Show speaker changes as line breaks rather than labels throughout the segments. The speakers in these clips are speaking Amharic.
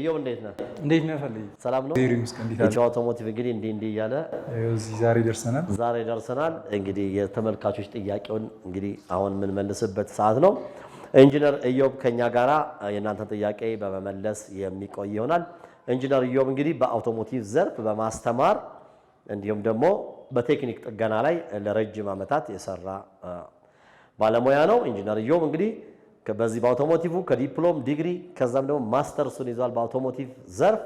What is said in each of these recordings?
እየው እንዴት ነህ?
እንዴት ነህ? ፈልይ ሰላም ነው።
የጨዋ አውቶሞቲቭ እንግዲህ እንዲህ እንዲህ እያለ
እዚህ ዛሬ ደርሰናል።
ዛሬ ደርሰናል። እንግዲህ የተመልካቾች ጥያቄውን እንግዲህ አሁን የምንመልስበት ሰዓት ነው። ኢንጂነር ኢዮብ ከኛ ጋራ የናንተ ጥያቄ በመመለስ የሚቆይ ይሆናል። ኢንጂነር ኢዮብ እንግዲህ በአውቶሞቲቭ ዘርፍ በማስተማር እንዲሁም ደግሞ በቴክኒክ ጥገና ላይ ለረጅም ዓመታት የሰራ ባለሙያ ነው። ኢንጂነር ኢዮብ እንግዲህ በዚህ በአውቶሞቲቭ ከዲፕሎም ዲግሪ ከዛም ደግሞ ማስተርሱን ይዟል በአውቶሞቲቭ ዘርፍ።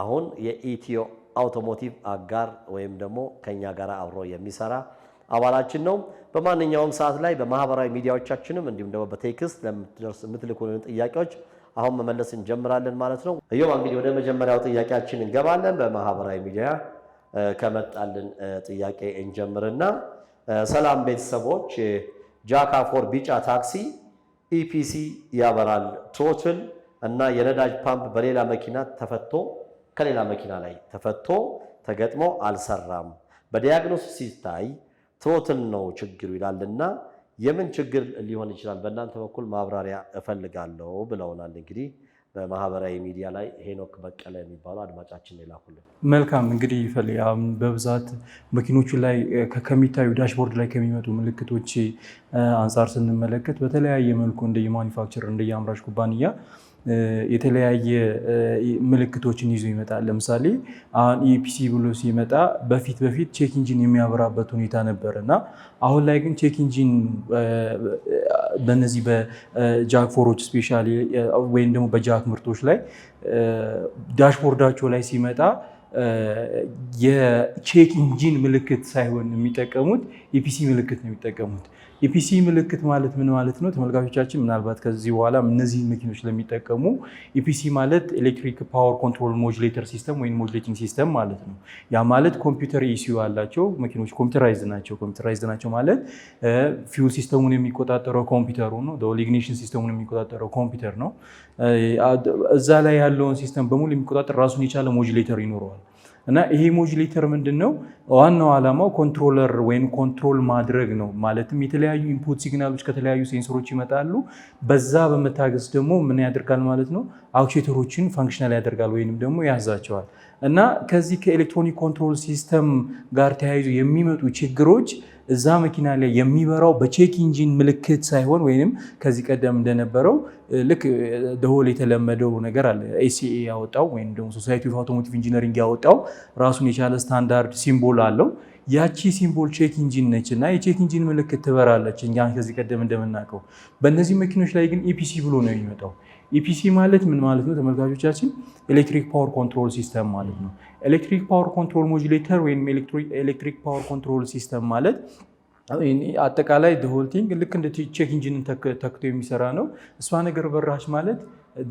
አሁን የኢትዮ አውቶሞቲቭ አጋር ወይም ደግሞ ከኛ ጋር አብሮ የሚሰራ አባላችን ነው። በማንኛውም ሰዓት ላይ በማህበራዊ ሚዲያዎቻችንም እንዲሁም ደግሞ በቴክስት ለምትደርስ የምትልኩልን ጥያቄዎች አሁን መመለስ እንጀምራለን ማለት ነው። እዮም እንግዲህ ወደ መጀመሪያው ጥያቄያችን እንገባለን። በማህበራዊ ሚዲያ ከመጣልን ጥያቄ እንጀምርና ሰላም ቤተሰቦች ጃካፎር ቢጫ ታክሲ ኢፒሲ ያበራል። ትሮትል እና የነዳጅ ፓምፕ በሌላ መኪና ተፈቶ ከሌላ መኪና ላይ ተፈቶ ተገጥሞ አልሰራም። በዲያግኖስ ሲታይ ትሮትል ነው ችግሩ ይላልና የምን ችግር ሊሆን ይችላል? በእናንተ በኩል ማብራሪያ እፈልጋለሁ ብለውናል እንግዲህ በማህበራዊ ሚዲያ ላይ ሄኖክ በቀለ የሚባሉ አድማጫችን የላኩልን።
መልካም እንግዲህ ይፈል በብዛት መኪኖቹ ላይ ከሚታዩ ዳሽቦርድ ላይ ከሚመጡ ምልክቶች አንጻር ስንመለከት በተለያየ መልኩ እንደየማኒፋክቸር እንደየአምራች ኩባንያ የተለያየ ምልክቶችን ይዞ ይመጣል። ለምሳሌ አሁን ኢፒሲ ብሎ ሲመጣ በፊት በፊት ቼክ ኢንጂን የሚያበራበት ሁኔታ ነበር እና አሁን ላይ ግን ቼክ ኢንጂን በነዚህ ፎሮች ስፔሻሊ ወይም ደግሞ በጃክ ምርቶች ላይ ዳሽቦርዳቸው ላይ ሲመጣ የቼክ ኢንጂን ምልክት ሳይሆን የሚጠቀሙት የፒሲ ምልክት ነው የሚጠቀሙት። የፒሲ ምልክት ማለት ምን ማለት ነው? ተመልካቾቻችን ምናልባት ከዚህ በኋላ እነዚህ መኪኖች ለሚጠቀሙ ኢፒሲ ማለት ኤሌክትሪክ ፓወር ኮንትሮል ሞጁሌተር ሲስተም ወይም ሞጁሌቲንግ ሲስተም ማለት ነው። ያ ማለት ኮምፒውተር ኢሲዩ አላቸው መኪኖች ኮምፒውተራይዝድ ናቸው። ኮምፒውተራይዝድ ናቸው ማለት ፊውል ሲስተሙን የሚቆጣጠረው ኮምፒውተሩ ነው። ኢግኒሽን ሲስተሙን የሚቆጣጠረው ኮምፒውተር ነው። እዛ ላይ ያለውን ሲስተም በሙሉ የሚቆጣጠር ራሱን የቻለ ሞጁሌተር ይኖረዋል። እና ይሄ ሞጁሌተር ምንድን ነው? ዋናው ዓላማው ኮንትሮለር ወይም ኮንትሮል ማድረግ ነው። ማለትም የተለያዩ ኢንፑት ሲግናሎች ከተለያዩ ሴንሰሮች ይመጣሉ። በዛ በመታገስ ደግሞ ምን ያደርጋል ማለት ነው? አክቹዌተሮችን ፋንክሽናል ያደርጋል ወይንም ደግሞ ያዛቸዋል። እና ከዚህ ከኤሌክትሮኒክ ኮንትሮል ሲስተም ጋር ተያይዞ የሚመጡ ችግሮች እዛ መኪና ላይ የሚበራው በቼክ ኢንጂን ምልክት ሳይሆን ወይም ከዚህ ቀደም እንደነበረው ልክ ደሆል የተለመደው ነገር አለ። ኤሲኤ ያወጣው ወይም ደግሞ ሶሳይቲ ኦፍ አውቶሞቲቭ ኢንጂነሪንግ ያወጣው ራሱን የቻለ ስታንዳርድ ሲምቦል አለው። ያቺ ሲምቦል ቼክ ኢንጂን ነች እና የቼክ ኢንጂን ምልክት ትበራለች፣ እኛ ከዚህ ቀደም እንደምናውቀው። በእነዚህ መኪኖች ላይ ግን ኢፒሲ ብሎ ነው የሚመጣው። ኢፒሲ ማለት ምን ማለት ነው? ተመልካቾቻችን ኤሌክትሪክ ፓወር ኮንትሮል ሲስተም ማለት ነው። ኤሌክትሪክ ፓወር ኮንትሮል ሞጁሌተር ወይም ኤሌክትሪክ ፓወር ኮንትሮል ሲስተም ማለት አጠቃላይ ሆልቲንግ ልክ እንደ ቼክ ኢንጂን ተክቶ የሚሰራ ነው። እሷ ነገር በራሽ ማለት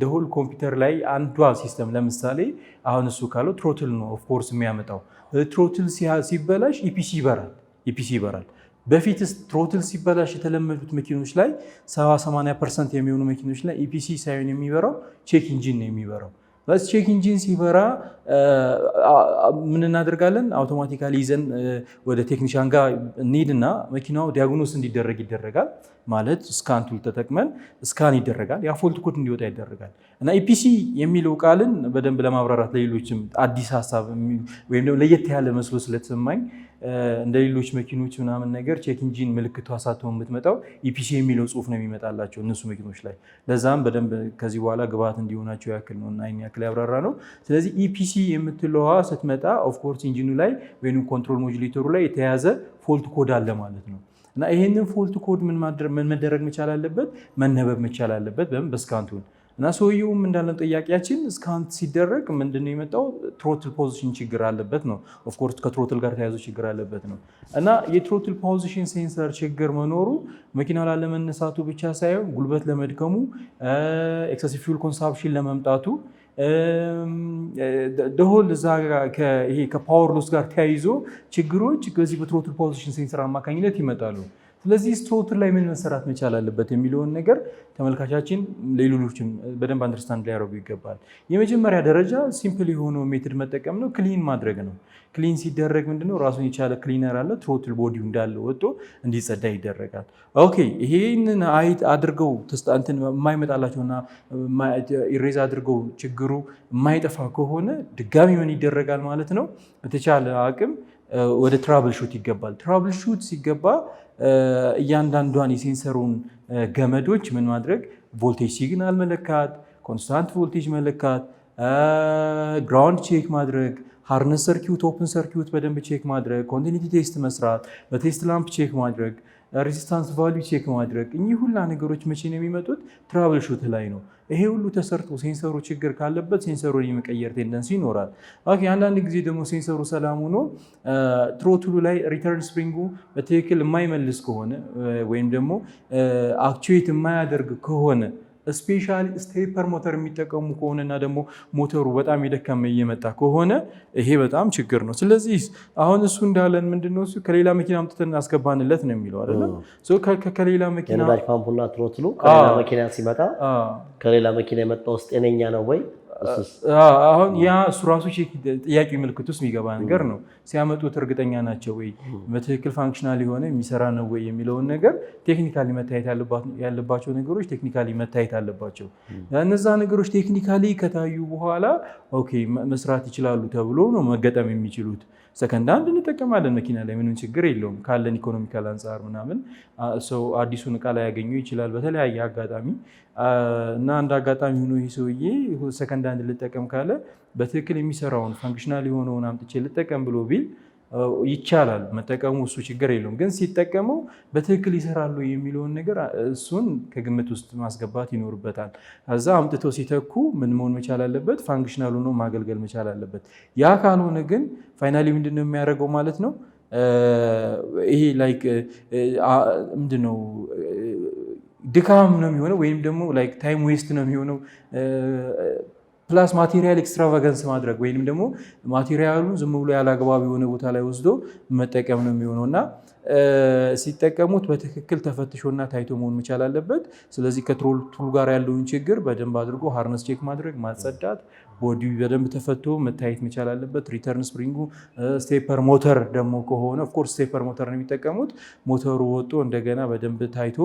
ደሆል ኮምፒውተር ላይ አንዷ ሲስተም ለምሳሌ አሁን እሱ ካለው ትሮትል ነው ኦፍኮርስ የሚያመጣው ትሮትል ሲበላሽ ኢፒሲ e ይበራል። ኢፒሲ e ይበራል። በፊት ትሮትል ሲበላሽ የተለመዱት መኪኖች ላይ 70 80 ፐርሰንት የሚሆኑ መኪኖች ላይ ኢፒሲ e ሳይሆን የሚበራው ቼክ ኢንጂን ነው የሚበራው በስ ቼክ ኢንጂን ሲበራ ምን እናደርጋለን? አውቶማቲካሊ ይዘን ወደ ቴክኒሻን ጋር እንሄድና መኪናው ዲያግኖስ እንዲደረግ ይደረጋል። ማለት ስካን ቱል ተጠቅመን ስካን ይደረጋል። ያ ፎልት ኮድ እንዲወጣ ይደረጋል። እና ኢፒሲ የሚለው ቃልን በደንብ ለማብራራት ለሌሎችም አዲስ ሀሳብ ወይም ለየት ያለ መስሎ ስለተሰማኝ እንደ ሌሎች መኪኖች ምናምን ነገር ቼክ ኢንጂን ምልክቱ አሳተው የምትመጣው ኢፒሲ የሚለው ጽሁፍ ነው የሚመጣላቸው እነሱ መኪኖች ላይ። ለዛም በደንብ ከዚህ በኋላ ግብዓት እንዲሆናቸው ያክል ነው እና ያክል ያብራራ ነው። ስለዚህ ኢፒሲ የምትለዋ ስትመጣ ኦፍኮርስ ኢንጂኑ ላይ ወይም ኮንትሮል ሞጁሌተሩ ላይ የተያዘ ፎልት ኮድ አለ ማለት ነው። እና ይህንን ፎልት ኮድ ምን መደረግ መቻል አለበት? መነበብ መቻል አለበት በስካንቱን እና ሰውየውም እንዳለን ጥያቄያችን እስካሁን ሲደረግ ምንድነው የመጣው ትሮትል ፖዚሽን ችግር አለበት ነው። ኦፍኮርስ ከትሮትል ጋር ተያይዞ ችግር አለበት ነው እና የትሮትል ፖዚሽን ሴንሰር ችግር መኖሩ መኪናው ላለመነሳቱ ብቻ ሳይሆን ጉልበት ለመድከሙ፣ ኤክሰሲቭ ፊውል ኮንሳፕሽን ለመምጣቱ ደሆል እዛ ከፓወር ሎስ ጋር ተያይዞ ችግሮች በዚህ በትሮትል ፖዚሽን ሴንሰር አማካኝነት ይመጣሉ። ስለዚህ ስቶቱን ላይ ምን መሰራት መቻል አለበት የሚለውን ነገር ተመልካቻችን ሌሎችም በደንብ አንደርስታንድ ሊያደርጉ ይገባል። የመጀመሪያ ደረጃ ሲምፕል የሆነው ሜትድ መጠቀም ነው፣ ክሊን ማድረግ ነው። ክሊን ሲደረግ ምንድነው ራሱን የቻለ ክሊነር አለ። ትሮትል ቦዲው እንዳለ ወጦ እንዲጸዳ ይደረጋል። ኦኬ ይሄንን አይት አድርገው ተስጣንትን የማይመጣላቸውና ኢሬዝ አድርገው ችግሩ የማይጠፋ ከሆነ ድጋሚ ምን ይደረጋል ማለት ነው። በተቻለ አቅም ወደ ትራብል ሹት ይገባል። ትራብል ሹት ሲገባ እያንዳንዷን የሴንሰሩን ገመዶች ምን ማድረግ ቮልቴጅ ሲግናል መለካት፣ ኮንስታንት ቮልቴጅ መለካት፣ ግራውንድ ቼክ ማድረግ፣ ሃርነስ ሰርኪዩት፣ ኦፕን ሰርኪዩት በደንብ ቼክ ማድረግ፣ ኮንቲኒቲ ቴስት መስራት፣ በቴስት ላምፕ ቼክ ማድረግ ሬዚስታንስ ቫልዩ ቼክ ማድረግ እኚህ ሁላ ነገሮች መቼ ነው የሚመጡት? ትራብል ሹት ላይ ነው። ይሄ ሁሉ ተሰርቶ ሴንሰሩ ችግር ካለበት ሴንሰሩ የመቀየር ቴንደንስ ይኖራል። አንዳንድ ጊዜ ደግሞ ሴንሰሩ ሰላም ሆኖ ትሮትሉ ላይ ሪተርን ስፕሪንጉ በትክክል የማይመልስ ከሆነ ወይም ደግሞ አክቹዌት የማያደርግ ከሆነ ስፔሻሊ ስቴፐር ሞተር የሚጠቀሙ ከሆነና ደግሞ ሞተሩ በጣም የደከመ እየመጣ ከሆነ ይሄ በጣም ችግር ነው። ስለዚህ አሁን እሱ እንዳለን ምንድነው እሱ ከሌላ መኪና አምጥተን አስገባንለት ነው የሚለው አይደለም። ከሌላ መኪና
ፓምፑና ትሮትሉ ከሌላ መኪና ሲመጣ ከሌላ መኪና የመጣ ውስጥ ጤነኛ ነው ወይ
አሁን ያ እሱ ራሱ ጥያቄ ምልክት ውስጥ የሚገባ ነገር ነው። ሲያመጡት እርግጠኛ ናቸው ወይ በትክክል ፋንክሽናል የሆነ የሚሰራ ነው ወይ የሚለውን ነገር ቴክኒካሊ መታየት ያለባቸው ነገሮች ቴክኒካሊ መታየት አለባቸው። እነዛ ነገሮች ቴክኒካሊ ከታዩ በኋላ ኦኬ መስራት ይችላሉ ተብሎ ነው መገጠም የሚችሉት። ሰከንድ አንድ እንጠቀማለን መኪና ላይ ምንም ችግር የለውም። ካለን ኢኮኖሚካል አንጻር ምናምን ሰው አዲሱን እቃ ላይ ያገኙ ይችላል በተለያየ አጋጣሚ እና አንድ አጋጣሚ ሆኖ ይህ ሰውዬ ሰከንድ አንድ ልጠቀም ካለ በትክክል የሚሰራውን ፋንክሽናል የሆነውን አምጥቼ ልጠቀም ብሎ ቢል ይቻላል መጠቀሙ፣ እሱ ችግር የለውም። ግን ሲጠቀመው በትክክል ይሰራሉ የሚለውን ነገር እሱን ከግምት ውስጥ ማስገባት ይኖርበታል። ከዛ አምጥተው ሲተኩ ምን መሆን መቻል አለበት? ፋንክሽናል ሆኖ ማገልገል መቻል አለበት። ያ ካልሆነ ግን ፋይናሊ ምንድነው የሚያደርገው ማለት ነው ይሄ ላይክ ምንድነው ድካም ነው የሚሆነው፣ ወይም ደግሞ ላይክ ታይም ዌስት ነው የሚሆነው። ፕላስ ማቴሪያል ኤክስትራቫጋንስ ማድረግ ወይንም ደግሞ ማቴሪያሉን ዝም ብሎ ያላግባብ የሆነ ቦታ ላይ ወስዶ መጠቀም ነው የሚሆነው እና ሲጠቀሙት በትክክል ተፈትሾና ታይቶ መሆን መቻል አለበት። ስለዚህ ከትሮቱል ጋር ያለውን ችግር በደንብ አድርጎ ሃርነስ ቼክ ማድረግ ማጸዳት ቦዲ በደንብ ተፈቶ መታየት መቻል አለበት። ሪተርን ስፕሪንጉ፣ ስቴፐር ሞተር ደግሞ ከሆነ ኦፍኮርስ ስቴፐር ሞተር ነው የሚጠቀሙት። ሞተሩ ወጦ እንደገና በደንብ ታይቶ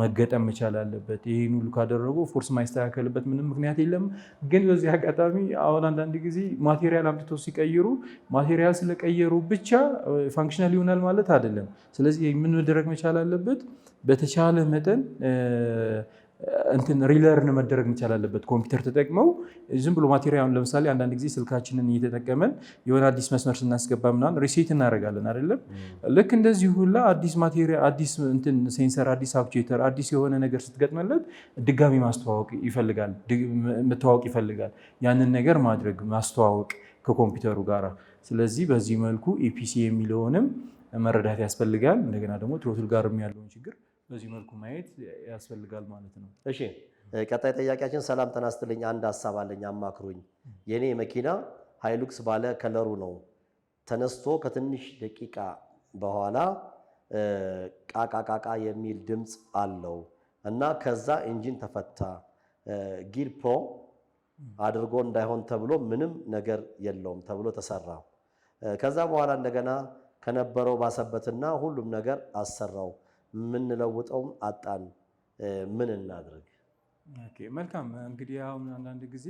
መገጠም መቻል አለበት። ይህን ሁሉ ካደረጉ ፎርስ ማይስተካከልበት ምንም ምክንያት የለም። ግን በዚህ አጋጣሚ አሁን አንዳንድ ጊዜ ማቴሪያል አምጥቶ ሲቀይሩ ማቴሪያል ስለቀየሩ ብቻ ፋንክሽናል ይሆናል ማለት አይደለም። ስለዚህ ምን መደረግ መቻል አለበት በተቻለ መጠን እንትን ሪለርን መደረግ መቻል አለበት። ኮምፒውተር ተጠቅመው ዝም ብሎ ማቴሪያሉን ለምሳሌ አንዳንድ ጊዜ ስልካችንን እየተጠቀመን የሆነ አዲስ መስመር ስናስገባ ምናምን ሪሴት እናደርጋለን አይደለም። ልክ እንደዚህ ሁላ አዲስ ማቴሪያል፣ አዲስ እንትን ሴንሰር፣ አዲስ አክቹዌተር፣ አዲስ የሆነ ነገር ስትገጥመለት ድጋሚ ማስተዋወቅ ይፈልጋል፣ መተዋወቅ ይፈልጋል። ያንን ነገር ማድረግ ማስተዋወቅ ከኮምፒውተሩ ጋር። ስለዚህ በዚህ መልኩ ኤፒሲ የሚለውንም መረዳት ያስፈልጋል። እንደገና ደግሞ ትሮትል ጋር ያለውን ችግር በዚህ መልኩ ማየት ያስፈልጋል ማለት ነው።
እሺ ቀጣይ ጥያቄያችን፣ ሰላም ተናስትልኝ፣ አንድ ሀሳብ አለኝ አማክሩኝ። የኔ መኪና ሃይሉክስ ባለ ከለሩ ነው። ተነስቶ ከትንሽ ደቂቃ በኋላ ቃቃቃቃ የሚል ድምፅ አለው እና ከዛ ኢንጂን ተፈታ። ጊርፖ አድርጎ እንዳይሆን ተብሎ ምንም ነገር የለውም ተብሎ ተሰራ። ከዛ በኋላ እንደገና ከነበረው ባሰበትና ሁሉም ነገር አሰራው። የምንለውጠውም አጣን። ምን እናድርግ?
መልካም እንግዲህ አሁን አንዳንድ ጊዜ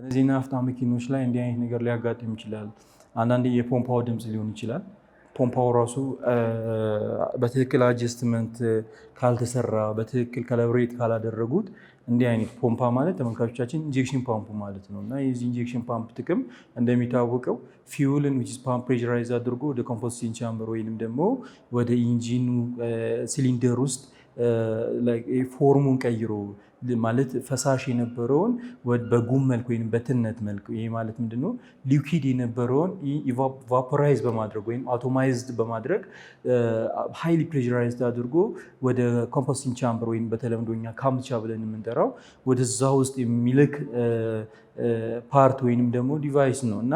እነዚህ ናፍታ መኪኖች ላይ እንዲህ አይነት ነገር ሊያጋጥም ይችላል። አንዳንዴ የፖምፓው ድምፅ ሊሆን ይችላል። ፖምፓው ራሱ በትክክል አጀስትመንት ካልተሰራ፣ በትክክል ከለብሬት ካላደረጉት እንዲህ አይነት ፖምፓ ማለት ተመልካቾቻችን ኢንጀክሽን ፓምፕ ማለት ነው እና የዚህ ኢንጀክሽን ፓምፕ ጥቅም እንደሚታወቀው ፊውልን ዊች ፓምፕ ፕሬራይዝ አድርጎ ወደ ኮምፖስቲንግ ቻምበር ወይንም ደግሞ ወደ ኢንጂኑ ሲሊንደር uh, ውስጥ ፎርሙን uh, ቀይሮ ማለት ፈሳሽ የነበረውን በጉም መልክ ወይም በትነት መልክ ይህ ማለት ምንድን ነው? ሊኪድ የነበረውን ቫፖራይዝ በማድረግ ወይም አቶማይዝድ በማድረግ ሃይሊ ፕሬራይዝድ አድርጎ ወደ ኮምፖስቲንግ ቻምበር ወይም በተለምዶ እኛ ካምቻ ብለን የምንጠራው ወደዛ ውስጥ የሚልክ ፓርት ወይንም ደግሞ ዲቫይስ ነው እና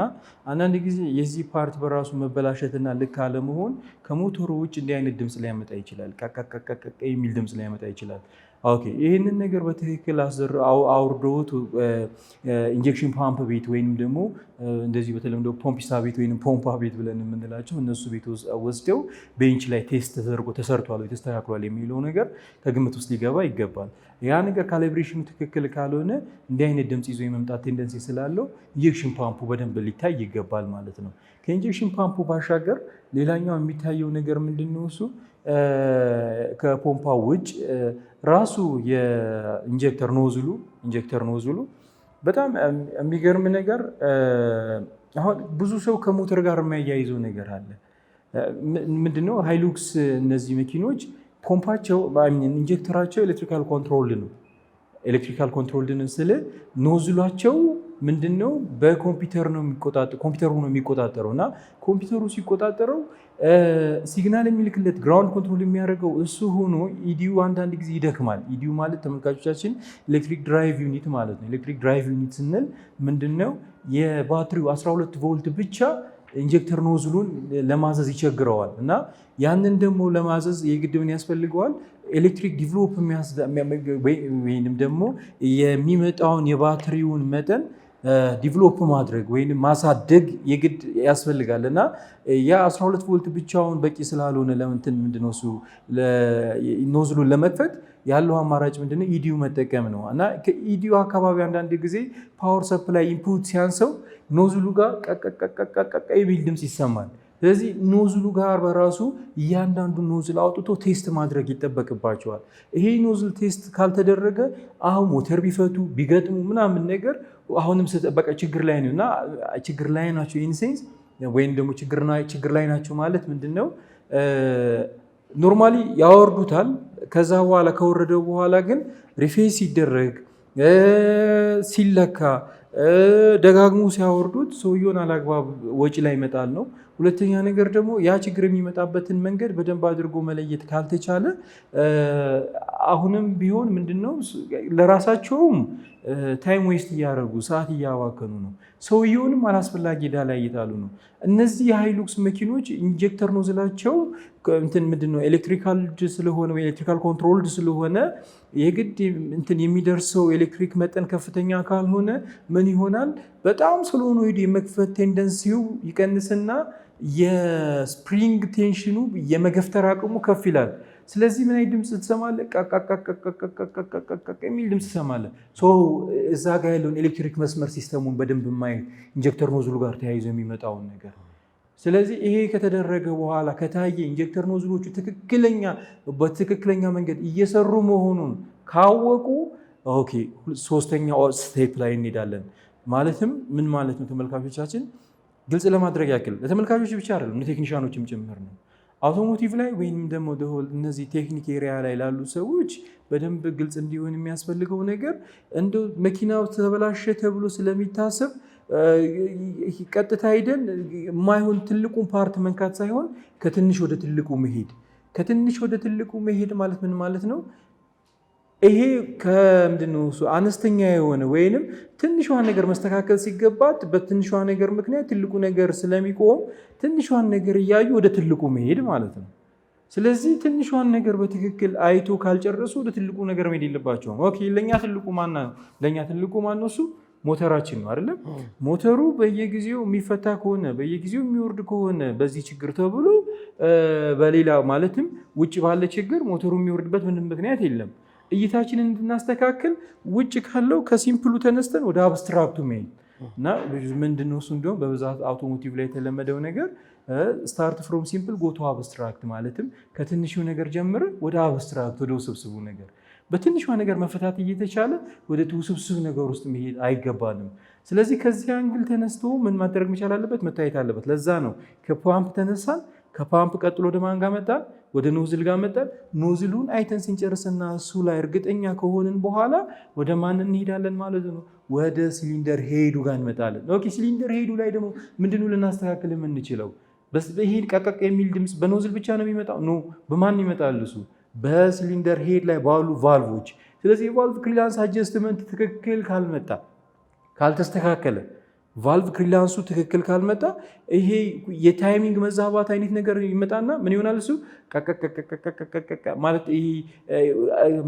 አንዳንድ ጊዜ የዚህ ፓርት በራሱ መበላሸትና ልክ አለመሆን ከሞተሩ ውጭ እንዲህ አይነት ድምፅ ሊያመጣ ይችላል። የሚል ድምፅ ሊያመጣ ይችላል። ኦኬ ይህንን ነገር በትክክል አውርዶት ኢንጀክሽን ፓምፕ ቤት ወይንም ደግሞ እንደዚህ በተለምዶ ፖምፒሳ ቤት ወይም ፖምፓ ቤት ብለን የምንላቸው እነሱ ቤት ወስደው ቤንች ላይ ቴስት ተደርጎ ተሰርቷል ወይ ተስተካክሏል የሚለው ነገር ከግምት ውስጥ ሊገባ ይገባል። ያ ነገር ካሊብሬሽኑ ትክክል ካልሆነ እንዲህ አይነት ድምፅ ይዞ የመምጣት ቴንደንሲ ስላለው ኢንጀክሽን ፓምፑ በደንብ ሊታይ ይገባል ማለት ነው። ከኢንጀክሽን ፓምፑ ባሻገር ሌላኛው የሚታየው ነገር ምንድን ነው እሱ ከፖምፓው ውጭ ራሱ የኢንጀክተር ኖዝሉ ኢንጀክተር ኖዝሉ በጣም የሚገርም ነገር አሁን ብዙ ሰው ከሞተር ጋር የሚያያይዘው ነገር አለ። ምንድነው ሃይሉክስ እነዚህ መኪኖች ፖምፓቸው ኢንጀክተራቸው ኤሌክትሪካል ኮንትሮል ነው። ኤሌክትሪካል ኮንትሮል ስለ ኖዝሏቸው ምንድን ነው በኮምፒውተር ነው ኮምፒውተሩ ነው የሚቆጣጠረው እና ኮምፒውተሩ ሲቆጣጠረው ሲግናል የሚልክለት ግራውንድ ኮንትሮል የሚያደርገው እሱ ሆኖ ኢዲዩ አንዳንድ ጊዜ ይደክማል። ኢዲዩ ማለት ተመልካቾቻችን ኤሌክትሪክ ድራይቭ ዩኒት ማለት ነው። ኤሌክትሪክ ድራይቭ ዩኒት ስንል ምንድን ነው የባትሪው 12 ቮልት ብቻ ኢንጀክተር ኖዝሉን ለማዘዝ ይቸግረዋል እና ያንን ደግሞ ለማዘዝ የግድብን ያስፈልገዋል ኤሌክትሪክ ዲቨሎፕ ወይንም ደግሞ የሚመጣውን የባትሪውን መጠን ዲቨሎፕ ማድረግ ወይም ማሳደግ የግድ ያስፈልጋል እና የ12 ቮልት ብቻውን በቂ ስላልሆነ ለምንትን ምንድነው እሱ ኖዝሉን ለመክፈት ያለው አማራጭ ምንድነው ኢዲዩ መጠቀም ነው እና ከኢዲዩ አካባቢ አንዳንድ ጊዜ ፓወር ሰፕላይ ኢንፑት ሲያንሰው ኖዝሉ ጋር ቀቀቀቀቀ የሚል ድምፅ ይሰማል። ስለዚህ ኖዝሉ ጋር በራሱ እያንዳንዱ ኖዝል አውጥቶ ቴስት ማድረግ ይጠበቅባቸዋል። ይሄ ኖዝል ቴስት ካልተደረገ አሁን ሞተር ቢፈቱ ቢገጥሙ ምናምን ነገር አሁንም በቃ ችግር ላይ ነው እና ችግር ላይ ናቸው ኢንሴንስ ወይም ደግሞ ችግር ላይ ናቸው ማለት ምንድን ነው? ኖርማሊ ያወርዱታል። ከዛ በኋላ ከወረደው በኋላ ግን ሪፌስ ሲደረግ ሲለካ ደጋግሞ ሲያወርዱት ሰውየውን አላግባብ ወጪ ላይ መጣል ነው። ሁለተኛ ነገር ደግሞ ያ ችግር የሚመጣበትን መንገድ በደንብ አድርጎ መለየት ካልተቻለ አሁንም ቢሆን ምንድነው ለራሳቸውም ታይም ዌስት እያደረጉ ሰዓት እያባከኑ ነው። ሰውየውንም አላስፈላጊ ዕዳ ላይ እየጣሉ ነው። እነዚህ የሃይሉክስ መኪኖች ኢንጀክተር ኖዝላቸው እንትን ምንድን ነው ኤሌክትሪካል ስለሆነ ኤሌክትሪካል ኮንትሮልድ ስለሆነ የግድ እንትን የሚደርሰው ኤሌክትሪክ መጠን ከፍተኛ ካልሆነ ምን ይሆናል? በጣም ስለሆነ ሰሎኖይድ የመክፈት ቴንደንሲው ይቀንስና የስፕሪንግ ቴንሽኑ የመገፍተር አቅሙ ከፍ ይላል። ስለዚህ ምን አይነት ድምፅ ትሰማለህ? የሚል ድምፅ ትሰማለህ። እዛ ጋር ያለውን ኤሌክትሪክ መስመር ሲስተሙን በደንብ ማየት ኢንጀክተር ኖዝሉ ጋር ተያይዞ የሚመጣውን ነገር ስለዚህ ይሄ ከተደረገ በኋላ ከታየ ኢንጀክተር ኖዝሎቹ ትክክለኛ በትክክለኛ መንገድ እየሰሩ መሆኑን ካወቁ ኦኬ ሶስተኛው ስቴፕ ላይ እንሄዳለን። ማለትም ምን ማለት ነው? ተመልካቾቻችን ግልጽ ለማድረግ ያክል ለተመልካቾች ብቻ አይደለም፣ ለቴክኒሻኖችም ጭምር ነው። አውቶሞቲቭ ላይ ወይም ደግሞ ደሆል እነዚህ ቴክኒክ ኤሪያ ላይ ላሉ ሰዎች በደንብ ግልጽ እንዲሆን የሚያስፈልገው ነገር እንደ መኪናው ተበላሸ ተብሎ ስለሚታሰብ ቀጥታ ሄደን የማይሆን ትልቁን ፓርት መንካት ሳይሆን ከትንሽ ወደ ትልቁ መሄድ ከትንሽ ወደ ትልቁ መሄድ ማለት ምን ማለት ነው? ይሄ ከምንድነው አነስተኛ የሆነ ወይንም ትንሿን ነገር መስተካከል ሲገባት በትንሿ ነገር ምክንያት ትልቁ ነገር ስለሚቆም ትንሿን ነገር እያዩ ወደ ትልቁ መሄድ ማለት ነው። ስለዚህ ትንሿን ነገር በትክክል አይቶ ካልጨረሱ ወደ ትልቁ ነገር መሄድ የለባቸውም። ኦኬ ለእኛ ትልቁ ማን ለእኛ ትልቁ ማን ነው? እሱ ሞተራችን ነው አይደለም። ሞተሩ በየጊዜው የሚፈታ ከሆነ በየጊዜው የሚወርድ ከሆነ በዚህ ችግር ተብሎ በሌላ ማለትም ውጭ ባለ ችግር ሞተሩ የሚወርድበት ምንም ምክንያት የለም። እይታችንን እንድናስተካክል ውጭ ካለው ከሲምፕሉ ተነስተን ወደ አብስትራክቱ መሄድ እና ምንድን ነው እሱ እንዲሁም በብዛት አውቶሞቲቭ ላይ የተለመደው ነገር ስታርት ፍሮም ሲምፕል ጎቶ አብስትራክት ማለትም ከትንሹ ነገር ጀምር ወደ አብስትራክት ወደ ውስብስቡ ነገር በትንሿ ነገር መፈታት እየተቻለ ወደ ውስብስብ ነገር ውስጥ መሄድ አይገባንም። ስለዚህ ከዚህ አንግል ተነስቶ ምን ማድረግ መቻል አለበት መታየት አለበት። ለዛ ነው ከፓምፕ ተነሳን ከፓምፕ ቀጥሎ ወደ ማንጋ ጋር መጣን? ወደ ኖዝል ጋር መጣን። ኖዝሉን አይተን ስንጨርስና እሱ ላይ እርግጠኛ ከሆንን በኋላ ወደ ማን እንሄዳለን ማለት ነው? ወደ ሲሊንደር ሄዱ ጋር እንመጣለን። ኦኬ፣ ሲሊንደር ሄዱ ላይ ደግሞ ምንድን ነው ልናስተካክል የምንችለው? ይሄን ቀቀቅ የሚል ድምፅ በኖዝል ብቻ ነው የሚመጣው? ኖ፣ በማን ይመጣል እሱ? በሲሊንደር ሄድ ላይ ባሉ ቫልቮች። ስለዚህ የቫልቭ ክሊራንስ አጀስትመንት ትክክል ካልመጣ ካልተስተካከለ ቫልቭ ክሪላንሱ ትክክል ካልመጣ ይሄ የታይሚንግ መዛባት አይነት ነገር ይመጣና ምን ይሆናል? እሱ ማለት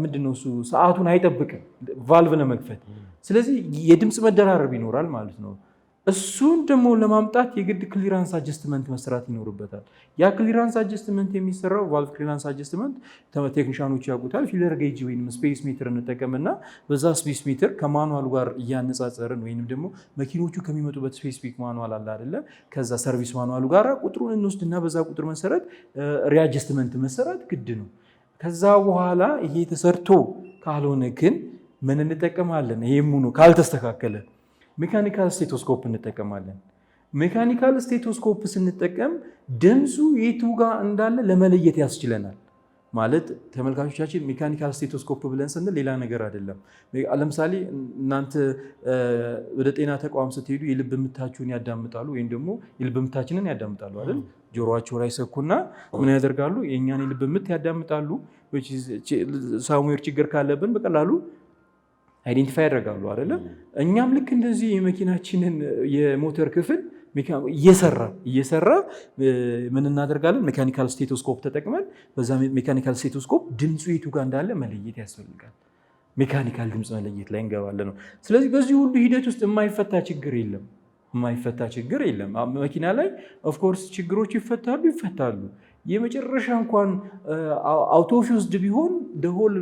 ምንድነው እሱ ሰዓቱን አይጠብቅም ቫልቭ ለመክፈት። ስለዚህ የድምፅ መደራረብ ይኖራል ማለት ነው። እሱን ደግሞ ለማምጣት የግድ ክሊራንስ አጀስትመንት መስራት ይኖርበታል። ያ ክሊራንስ አጀስትመንት የሚሰራው ቫልቭ ክሊራንስ አጀስትመንት ቴክኒሻኖች ያውቁታል። ፊለር ጌጅ ወይም ስፔስ ሜትር እንጠቀምና በዛ ስፔስ ሜትር ከማኑዋል ጋር እያነጻጸርን ወይም ደግሞ መኪኖቹ ከሚመጡበት ስፔሲፊክ ማኑዋል አለ አይደለ፣ ከዛ ሰርቪስ ማኑዋሉ ጋር ቁጥሩን እንወስድና በዛ ቁጥር መሰረት ሪአጀስትመንት መሰራት ግድ ነው። ከዛ በኋላ ይሄ ተሰርቶ ካልሆነ ግን ምን እንጠቀማለን? ይሄም ሆኖ ካልተስተካከለ ሜካኒካል ስቴቶስኮፕ እንጠቀማለን። ሜካኒካል ስቴቶስኮፕ ስንጠቀም ደምሱ የቱ ጋር እንዳለ ለመለየት ያስችለናል። ማለት ተመልካቾቻችን ሜካኒካል ስቴቶስኮፕ ብለን ስንል ሌላ ነገር አይደለም። ለምሳሌ እናንተ ወደ ጤና ተቋም ስትሄዱ የልብ ምታችሁን ያዳምጣሉ፣ ወይም ደግሞ የልብ ምታችንን ያዳምጣሉ አይደል? ጆሮቸው ላይ ሰኩና ምን ያደርጋሉ? የእኛን የልብ ምት ያዳምጣሉ። ሳሙዌር ችግር ካለብን በቀላሉ አይዴንቲፋይ ያደርጋሉ አይደለ? እኛም ልክ እንደዚህ የመኪናችንን የሞተር ክፍል እየሰራ እየሰራ ምን እናደርጋለን? ሜካኒካል ስቴቶስኮፕ ተጠቅመን በዛ ሜካኒካል ስቴቶስኮፕ ድምፁ የቱ ጋር እንዳለ መለየት ያስፈልጋል። ሜካኒካል ድምፅ መለየት ላይ እንገባለን ነው። ስለዚህ በዚህ ሁሉ ሂደት ውስጥ የማይፈታ ችግር የለም፣ የማይፈታ ችግር የለም። መኪና ላይ ኦፍኮርስ ችግሮች ይፈታሉ ይፈታሉ የመጨረሻ እንኳን አውቶፊውስድ ቢሆን ደሆል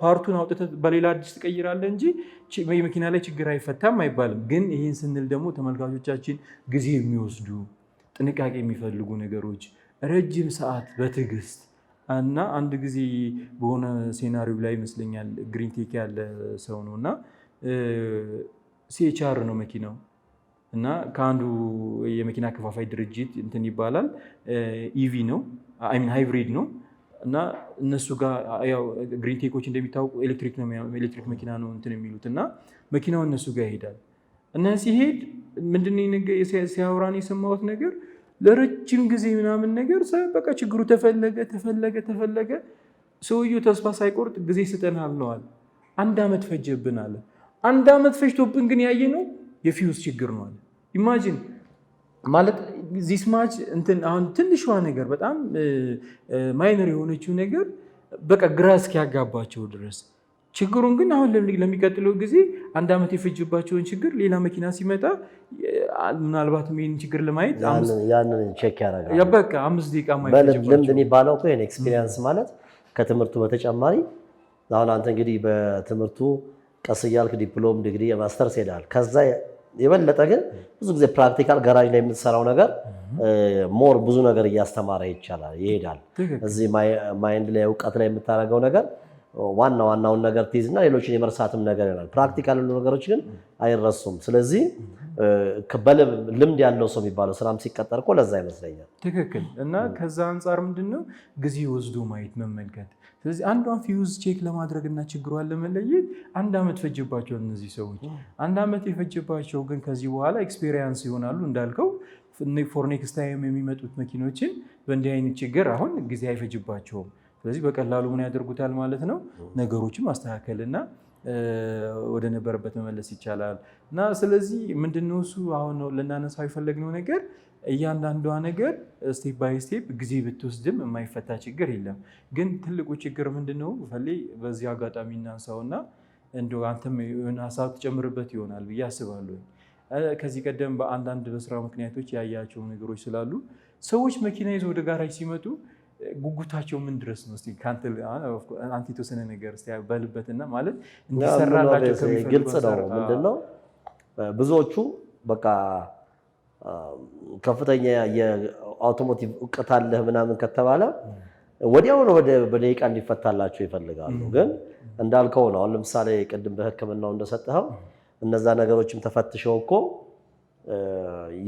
ፓርቱን አውጥተ በሌላ አዲስ ትቀይራለ እንጂ የመኪና ላይ ችግር አይፈታም አይባልም። ግን ይህን ስንል ደግሞ ተመልካቾቻችን ጊዜ የሚወስዱ ጥንቃቄ የሚፈልጉ ነገሮች ረጅም ሰዓት በትዕግስት እና አንድ ጊዜ በሆነ ሴናሪዮ ላይ ይመስለኛል ግሪንቴክ ያለ ሰው ነው እና ሲኤችአር ነው መኪናው እና ከአንዱ የመኪና ከፋፋይ ድርጅት እንትን ይባላል ኢቪ ነው አይሚን ሃይብሪድ ነው እና እነሱ ጋር ግሪን ቴኮች እንደሚታወቁ ኤሌክትሪክ መኪና ነው እንትን የሚሉት እና መኪናው እነሱ ጋር ይሄዳል እና ሲሄድ ምንድን ሲያወራን የሰማሁት ነገር ለረጅም ጊዜ ምናምን ነገር በቃ ችግሩ ተፈለገ ተፈለገ ተፈለገ። ሰውየው ተስፋ ሳይቆርጥ ጊዜ ስጠን አልነዋል። አንድ ዓመት ፈጀብን አለ። አንድ ዓመት ፈጅቶብን ግን ያየ ነው የፊውስ ችግር ነው አለ። ኢማጂን ማለት ዚስ ማች እንትን አሁን ትንሿ ነገር በጣም ማይነር የሆነችው ነገር በቃ ግራ እስኪያጋባቸው ድረስ ችግሩን ግን አሁን ለሚቀጥለው ጊዜ አንድ ዓመት የፈጅባቸውን ችግር ሌላ መኪና ሲመጣ ምናልባት ይህን ችግር ለማየት ያንን ቼክ ያደርጋል። በቃ አምስት ደቂቃ ልምድ የሚባለው እኮ ኤክስፒሪየንስ ማለት ከትምህርቱ በተጨማሪ አሁን አንተ እንግዲህ በትምህርቱ ቀስ እያልክ ዲፕሎም፣ ዲግሪ፣ ማስተርስ ሄዳል ከዛ የበለጠ ግን ብዙ ጊዜ ፕራክቲካል ገራጅ ላይ የምትሰራው ነገር ሞር ብዙ ነገር እያስተማረ ይቻላል ይሄዳል። እዚህ ማይንድ ላይ እውቀት ላይ የምታደርገው ነገር ዋና ዋናውን ነገር ትይዝና ሌሎችን የመርሳትም ነገር ይሆናል። ፕራክቲካል ያሉ ነገሮች ግን አይረሱም። ስለዚህ ልምድ ያለው ሰው የሚባለው ስራም ሲቀጠር እኮ ለዛ ይመስለኛል። ትክክል። እና ከዛ አንጻር ምንድነው ጊዜ ወስዶ ማየት መመልከት ስለዚህ አንዷን ፊውዝ ቼክ ለማድረግ እና ችግሯን ለመለየት አንድ ዓመት ፈጀባቸው እነዚህ ሰዎች። አንድ ዓመት የፈጀባቸው ግን ከዚህ በኋላ ኤክስፔሪንስ ይሆናሉ እንዳልከው ፎር ኔክስት ታይም የሚመጡት መኪኖችን በእንዲህ አይነት ችግር አሁን ጊዜ አይፈጅባቸውም። ስለዚህ በቀላሉ ምን ያደርጉታል ማለት ነው ነገሮችን ማስተካከል እና ወደ ነበረበት መመለስ ይቻላል እና ስለዚህ ምንድነው እሱ አሁን ልናነሳው የፈለግነው ነገር እያንዳንዷ ነገር ስቴፕ ባይ ስቴፕ ጊዜ ብትወስድም የማይፈታ ችግር የለም። ግን ትልቁ ችግር ምንድነው? ፈሌ በዚህ አጋጣሚ እናንሳውና እንደ አንተም የሆነ ሀሳብ ትጨምርበት ይሆናል ብዬ አስባለሁ። ከዚህ ቀደም በአንዳንድ በስራ ምክንያቶች ያያቸው ነገሮች ስላሉ ሰዎች መኪና ይዘው ወደ ጋራጅ ሲመጡ ጉጉታቸው ምን ድረስ ነው? አንተ የተወሰነ ነገር በልበትና ማለት እንዲሰራላቸው ግልጽ ነው። ምንድነው ብዙዎቹ በቃ ከፍተኛ የአውቶሞቲቭ እውቀት አለህ ምናምን ከተባለ ወዲያውኑ ወደ በደቂቃ እንዲፈታላቸው ይፈልጋሉ። ግን እንዳልከው ነው። አሁን ለምሳሌ ቅድም በሕክምናው እንደሰጠኸው እነዛ ነገሮችም ተፈትሸው እኮ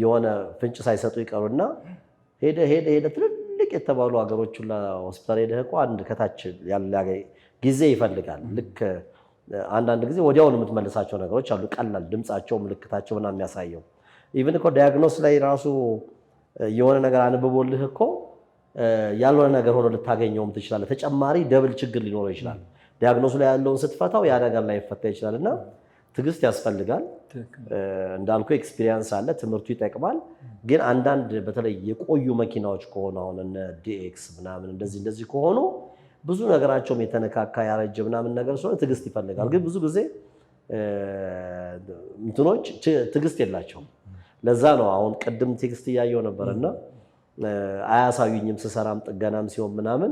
የሆነ ፍንጭ ሳይሰጡ ይቀሩና ሄደ ሄደ ሄደ ትልልቅ የተባሉ ሀገሮች ሁላ ሆስፒታል ሄደህ እኮ አንድ ከታች ያለ ጊዜ ይፈልጋል። ልክ አንዳንድ ጊዜ ወዲያውኑ የምትመልሳቸው ነገሮች አሉ። ቀላል ድምፃቸው፣ ምልክታቸው ምናምን የሚያሳየው ኢቨን እኮ ዲያግኖስ ላይ ራሱ eh, የሆነ ነገር አንብቦልህ እኮ eh, ያልሆነ ነገር ሆኖ ልታገኘውም ትችላለህ። ተጨማሪ ደብል ችግር ሊኖረው ይችላል። ዲያግኖሱ ላይ ያለውን ስትፈታው ያ ነገር ላይ ይፈታ ይችላል እና ትዕግስት ያስፈልጋል። eh, እንዳልኩ ኤክስፒሪየንስ አለ፣ ትምህርቱ ይጠቅማል። ግን አንዳንድ በተለይ የቆዩ መኪናዎች ከሆኑ አሁን እነ ዲኤክስ ምናምን እንደዚህ እንደዚህ ከሆኑ ብዙ ነገራቸውም የተነካካ ያረጀ ምናምን ነገር ስለሆነ ትዕግስት ይፈልጋል። ግን ብዙ ጊዜ እንትኖች ትዕግስት የላቸውም። ለዛ ነው አሁን ቅድም ቴክስት እያየው ነበር እና አያሳዩኝም ስሰራም ጥገናም ሲሆን ምናምን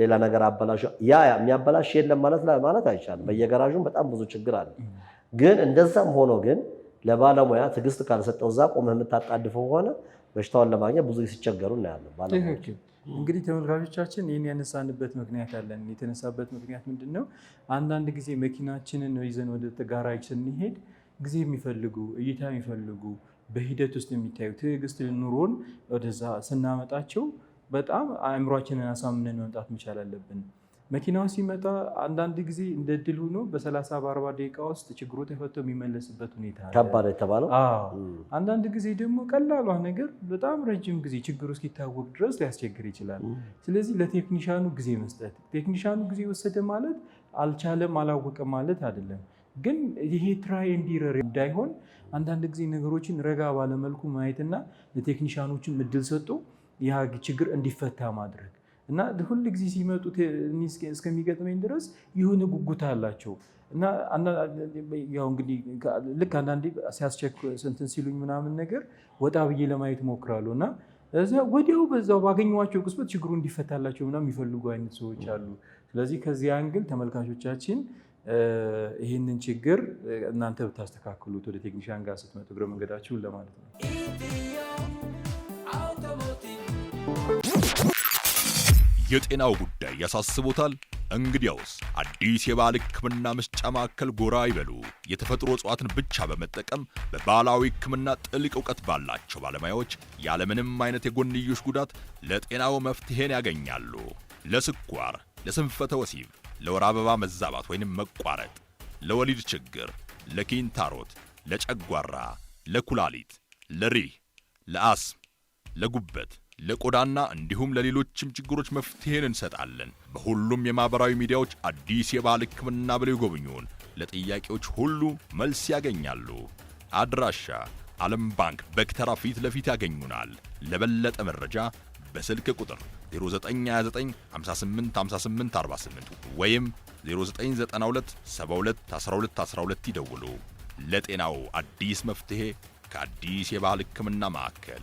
ሌላ ነገር አበላሽ ያ የሚያበላሽ የለም ማለት ማለት አይቻልም። በየገራዡም በጣም ብዙ ችግር አለ። ግን እንደዛም ሆኖ ግን ለባለሙያ ትዕግስት ካልሰጠው እዛ ቆመህ የምታጣድፈው ከሆነ በሽታውን ለማግኘት ብዙ ሲቸገሩ እናያለን እንግዲህ ተመልካቾቻችን ይህን ያነሳንበት ምክንያት አለን። የተነሳበት ምክንያት ምንድን ነው? አንዳንድ ጊዜ መኪናችንን ይዘን ወደ ጋራጅ ስንሄድ ጊዜ የሚፈልጉ እይታ የሚፈልጉ በሂደት ውስጥ የሚታዩ ትዕግስት ኑሮን ወደዛ ስናመጣቸው በጣም አእምሯችንን አሳምነን መምጣት መቻል አለብን። መኪናው ሲመጣ አንዳንድ ጊዜ እንደ ድል ሆኖ በሰላሳ በአርባ ደቂቃ ውስጥ ችግሩ ተፈቶ የሚመለስበት ሁኔታ ከባድ የተባለው፣ አንዳንድ ጊዜ ደግሞ ቀላሏ ነገር በጣም ረጅም ጊዜ ችግሩ እስኪታወቅ ድረስ ሊያስቸግር ይችላል። ስለዚህ ለቴክኒሻኑ ጊዜ መስጠት። ቴክኒሻኑ ጊዜ ወሰደ ማለት አልቻለም አላወቀ ማለት አይደለም። ግን ይሄ ትራይ እንዲረር እንዳይሆን አንዳንድ ጊዜ ነገሮችን ረጋ ባለመልኩ ማየትና ለቴክኒሻኖችም እድል ሰጡ ያ ችግር እንዲፈታ ማድረግ እና ሁል ጊዜ ሲመጡ እስከሚገጥመኝ ድረስ የሆነ ጉጉት አላቸው እና ያው እንግዲህ ልክ አንዳንዴ ሲያስቸክ ስንትን ሲሉኝ ምናምን ነገር ወጣ ብዬ ለማየት ሞክራሉ እና ወዲያው በዛው ባገኘኋቸው ቅጽበት ችግሩ እንዲፈታላቸው ምናምን የሚፈልጉ አይነት ሰዎች አሉ። ስለዚህ ከዚህ አንግል ተመልካቾቻችን ይህንን ችግር እናንተ ብታስተካክሉት ወደ ቴክኒሽያን ጋር ስትመጡ እግረ መንገዳችሁን ለማለት ነው። የጤናው ጉዳይ ያሳስቦታል? እንግዲያውስ አዲስ የባህል ሕክምና መስጫ ማዕከል ጎራ ይበሉ። የተፈጥሮ እጽዋትን ብቻ በመጠቀም በባህላዊ ሕክምና ጥልቅ እውቀት ባላቸው ባለሙያዎች ያለምንም አይነት የጎንዮሽ ጉዳት ለጤናው መፍትሄን ያገኛሉ። ለስኳር፣ ለስንፈተ ወሲብ ለወር አበባ መዛባት ወይንም መቋረጥ፣ ለወሊድ ችግር፣ ለኪንታሮት፣ ለጨጓራ፣ ለኩላሊት፣ ለሪህ፣ ለአስም፣ ለጉበት ለቆዳና እንዲሁም ለሌሎችም ችግሮች መፍትሄን እንሰጣለን። በሁሉም የማህበራዊ ሚዲያዎች አዲስ የባህል ሕክምና ብለው ይጎብኙን። ለጥያቄዎች ሁሉ መልስ ያገኛሉ። አድራሻ ዓለም ባንክ በክተራ ፊት ለፊት ያገኙናል። ለበለጠ መረጃ በስልክ ቁጥር 0929585848 ወይም 0992721212 ይደውሉ። ለጤናው አዲስ መፍትሄ ከአዲስ የባህል ሕክምና ማዕከል።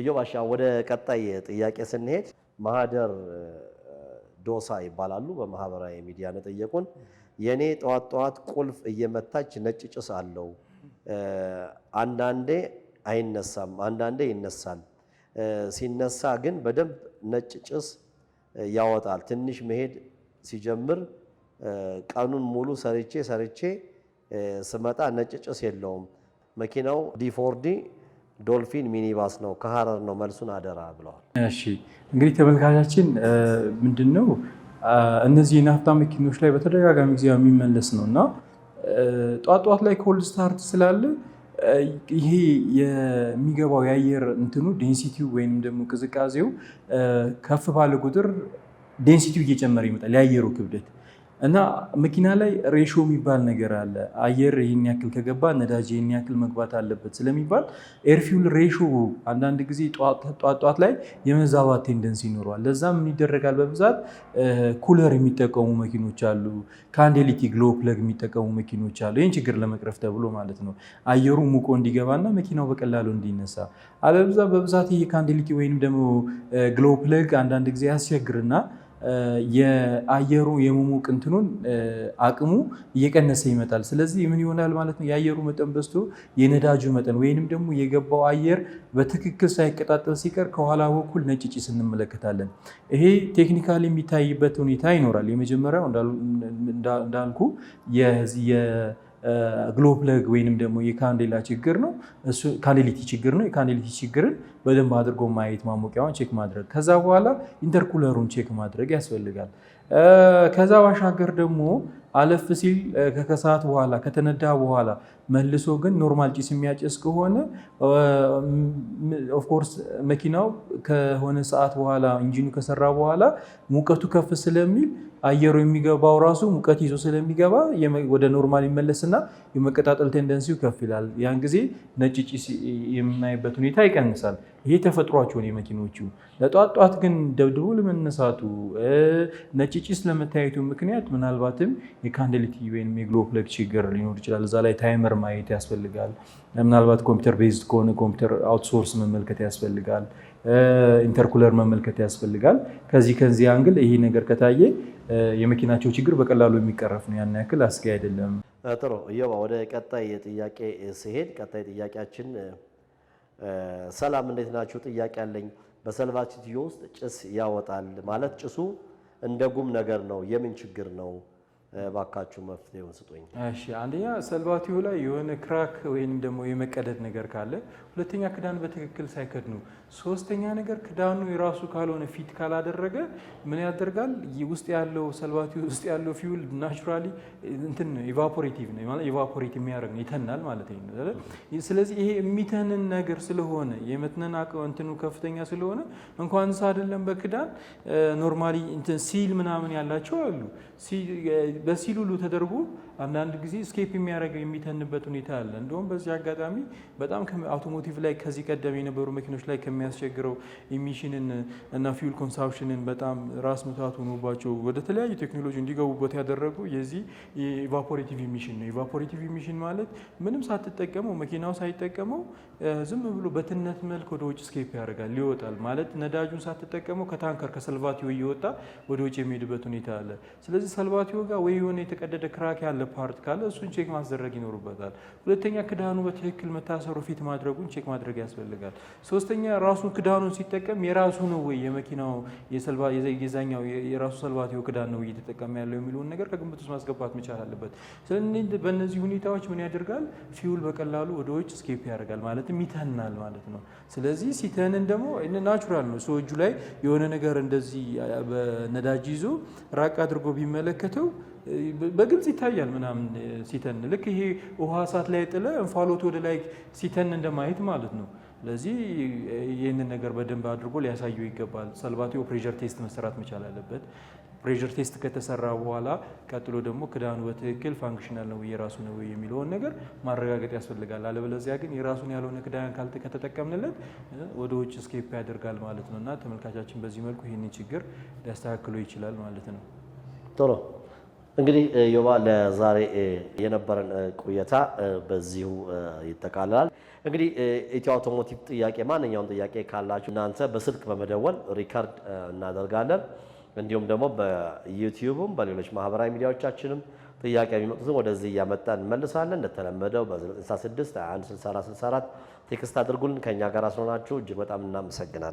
እዮባሻ ወደ ቀጣይ ጥያቄ ስንሄድ ማህደር ዶሳ ይባላሉ። በማህበራዊ ሚዲያ ነው ጠየቁን። የኔ ጠዋት ጠዋት ቁልፍ እየመታች ነጭ ጭስ አለው አንዳንዴ አይነሳም። አንዳንዴ ይነሳል። ሲነሳ ግን በደንብ ነጭ ጭስ ያወጣል። ትንሽ መሄድ ሲጀምር ቀኑን ሙሉ ሰርቼ ሰርቼ ስመጣ ነጭ ጭስ የለውም። መኪናው ዲፎርዲ ዶልፊን ሚኒባስ ነው፣ ከሀረር ነው። መልሱን አደራ ብለዋል። እሺ እንግዲህ ተመልካቻችን ምንድን ነው እነዚህ የናፍታ መኪኖች ላይ በተደጋጋሚ ጊዜ የሚመለስ ነው እና ጧት ጧት ላይ ኮልድ ስታርት ስላለ ይሄ የሚገባው የአየር እንትኑ ዴንሲቲው ወይም ደግሞ ቅዝቃዜው ከፍ ባለ ቁጥር ዴንሲቲው እየጨመረ ይመጣል፣ የአየሩ ክብደት እና መኪና ላይ ሬሾ የሚባል ነገር አለ። አየር ይህን ያክል ከገባ ነዳጅ ይህን ያክል መግባት አለበት ስለሚባል ኤርፊውል ሬሾ አንዳንድ ጊዜ ጧጧት ላይ የመዛባት ቴንደንስ ይኖረዋል። ለዛ ምን ይደረጋል? በብዛት ኩለር የሚጠቀሙ መኪኖች አሉ። ካንዴሊቲ ግሎ ፕለግ የሚጠቀሙ መኪኖች አሉ። ይህን ችግር ለመቅረፍ ተብሎ ማለት ነው። አየሩ ሙቆ እንዲገባና መኪናው በቀላሉ እንዲነሳ። አለበዛ በብዛት ይሄ ካንዴሊቲ ወይም ደግሞ ግሎ ፕለግ አንዳንድ ጊዜ ያስቸግርና የአየሩ የመሞቅ እንትኑን አቅሙ እየቀነሰ ይመጣል። ስለዚህ ምን ይሆናል ማለት ነው? የአየሩ መጠን በዝቶ የነዳጁ መጠን ወይንም ደግሞ የገባው አየር በትክክል ሳይቀጣጠል ሲቀር ከኋላ በኩል ነጭ ጭስ እንመለከታለን። ይሄ ቴክኒካል የሚታይበት ሁኔታ ይኖራል። የመጀመሪያው እንዳልኩ የግሎፕለግ ወይንም ደግሞ የካንዴላ ችግር ነው። ካንዴሊቲ ችግር ነው። የካንዴሊቲ ችግርን በደንብ አድርጎ ማየት ማሞቂያውን ቼክ ማድረግ፣ ከዛ በኋላ ኢንተርኩለሩን ቼክ ማድረግ ያስፈልጋል። ከዛ ባሻገር ደግሞ አለፍ ሲል ከሰዓት በኋላ ከተነዳ በኋላ መልሶ ግን ኖርማል ጭስ የሚያጨስ ከሆነ ኦፍኮርስ መኪናው ከሆነ ሰዓት በኋላ ኢንጂኑ ከሰራ በኋላ ሙቀቱ ከፍ ስለሚል አየሩ የሚገባው ራሱ ሙቀት ይዞ ስለሚገባ ወደ ኖርማል ይመለስና የመቀጣጠል ቴንደንሲው ከፍ ይላል። ያን ጊዜ ነጭ ጭስ የምናይበት ሁኔታ ይቀንሳል። ይሄ ተፈጥሯቸው ነው የመኪኖቹ። ለጧት ጧት ግን ደብድቦ ለመነሳቱ ነጭ ጭስ ለመታየቱ ምክንያት ምናልባትም የካንደሊቲ ወይም የግሎ ፕለግ ችግር ሊኖር ይችላል። እዛ ላይ ታይመር ማየት ያስፈልጋል። ምናልባት ኮምፒውተር ቤዝድ ከሆነ ኮምፒውተር አውትሶርስ መመልከት ያስፈልጋል። ኢንተርኩለር መመልከት ያስፈልጋል። ከዚህ ከዚህ አንግል ይሄ ነገር ከታየ የመኪናቸው ችግር በቀላሉ የሚቀረፍ ነው። ያን ያክል አስጊ አይደለም። ጥሩ እዮባ፣ ወደ ቀጣይ ጥያቄ ሲሄድ ቀጣይ ጥያቄያችን ሰላም እንዴት ናችሁ? ጥያቄ ያለኝ በሰልቫቲትዮ ውስጥ ጭስ ያወጣል ማለት ጭሱ እንደ ጉም ነገር ነው። የምን ችግር ነው? ባካችሁ መፍትሄውን ስጡኝ። እሺ፣ አንደኛ ሰልባቲሁ ላይ የሆነ ክራክ ወይንም ደግሞ የመቀደድ ነገር ካለ፣ ሁለተኛ ክዳን በትክክል ሳይከድኑ ሶስተኛ ነገር ክዳኑ የራሱ ካልሆነ ፊት ካላደረገ ምን ያደርጋል? ውስጥ ያለው ሰልባቲ ውስጥ ያለው ፊውል ናቹራሊ እንትን ኢቫፖሬቲቭ ነው፣ ኢቫፖሬት የሚያደርግ ነው፣ ይተናል ማለት ነው። ስለዚህ ይሄ የሚተንን ነገር ስለሆነ የመትነን እንትኑ ከፍተኛ ስለሆነ እንኳን ሳ አይደለም በክዳን ኖርማሊ ሲል ምናምን ያላቸው አሉ በሲል ሁሉ ተደርጎ አንዳንድ ጊዜ ስኬፕ የሚያደርገው የሚተንበት ሁኔታ አለ። እንዲሁም በዚህ አጋጣሚ በጣም አውቶሞቲቭ ላይ ከዚህ ቀደም የነበሩ መኪኖች ላይ ከሚያስቸግረው ኢሚሽንን እና ፊውል ኮንሳፕሽንን በጣም ራስ ምታት ሆኖባቸው ወደ ተለያዩ ቴክኖሎጂ እንዲገቡበት ያደረጉ የዚህ ኢቫፖሬቲቭ ኢሚሽን ነው። ኢቫፖሬቲቭ ኢሚሽን ማለት ምንም ሳትጠቀመው መኪናው ሳይጠቀመው ዝም ብሎ በትነት መልክ ወደ ውጭ ስኬፕ ያደርጋል ይወጣል። ማለት ነዳጁን ሳትጠቀመው ከታንከር ከሰልቫቲዮ እየወጣ ወደ ውጭ የሚሄድበት ሁኔታ አለ። ስለዚህ ሰልቫቲዮ ጋር ወይ የሆነ የተቀደደ ክራክ ያለ ፓርት ካለ እሱን ቼክ ማስደረግ ይኖርበታል። ሁለተኛ ክዳኑ በትክክል መታሰሩ ፊት ማድረጉን ቼክ ማድረግ ያስፈልጋል። ሶስተኛ ራሱን ክዳኑን ሲጠቀም የራሱ ነው ወይ የመኪናው የዛኛው የራሱ ሰልባቴው ክዳን ነው እየተጠቀመ ያለው የሚለውን ነገር ከግምት ውስጥ ማስገባት መቻል አለበት። በእነዚህ ሁኔታዎች ምን ያደርጋል? ፊውል በቀላሉ ወደ ውጭ ስኬፕ ያደርጋል ማለትም ይተናል ማለት ነው። ስለዚህ ሲተንን ደግሞ ናቹራል ነው። ሰው እጁ ላይ የሆነ ነገር እንደዚህ በነዳጅ ይዞ ራቅ አድርጎ ቢመለከተው በግልጽ ይታያል ምናምን ሲተን ልክ ይሄ ውሃ እሳት ላይ ጥለ እንፋሎት ወደ ላይ ሲተን እንደማየት ማለት ነው። ስለዚህ ይህንን ነገር በደንብ አድርጎ ሊያሳየው ይገባል። ሰልባቴው ፕሬዠር ቴስት መሰራት መቻል አለበት። ፕሬዠር ቴስት ከተሰራ በኋላ ቀጥሎ ደግሞ ክዳኑ በትክክል ፋንክሽናል ነው የራሱ ነው የሚለውን ነገር ማረጋገጥ ያስፈልጋል። አለበለዚያ ግን የራሱን ያልሆነ ክዳን ከተጠቀምንለት ወደ ውጭ ስኬፕ ያደርጋል ማለት ነው እና ተመልካቻችን በዚህ መልኩ ይህንን ችግር ሊያስተካክሎ ይችላል ማለት ነው ቶሎ እንግዲህ ዮባ ለዛሬ የነበረን ቆይታ በዚሁ ይጠቃልላል። እንግዲህ ኢትዮ አውቶሞቲቭ ጥያቄ ማንኛውም ጥያቄ ካላችሁ እናንተ በስልክ በመደወል ሪከርድ እናደርጋለን። እንዲሁም ደግሞ በዩቲዩብም በሌሎች ማህበራዊ ሚዲያዎቻችንም ጥያቄ የሚመጡትን ወደዚህ እያመጣ እንመልሳለን። እንደተለመደው በ96 21 64 64 ቴክስት አድርጉልን። ከእኛ ጋር ስለሆናችሁ እጅግ በጣም እናመሰግናለን።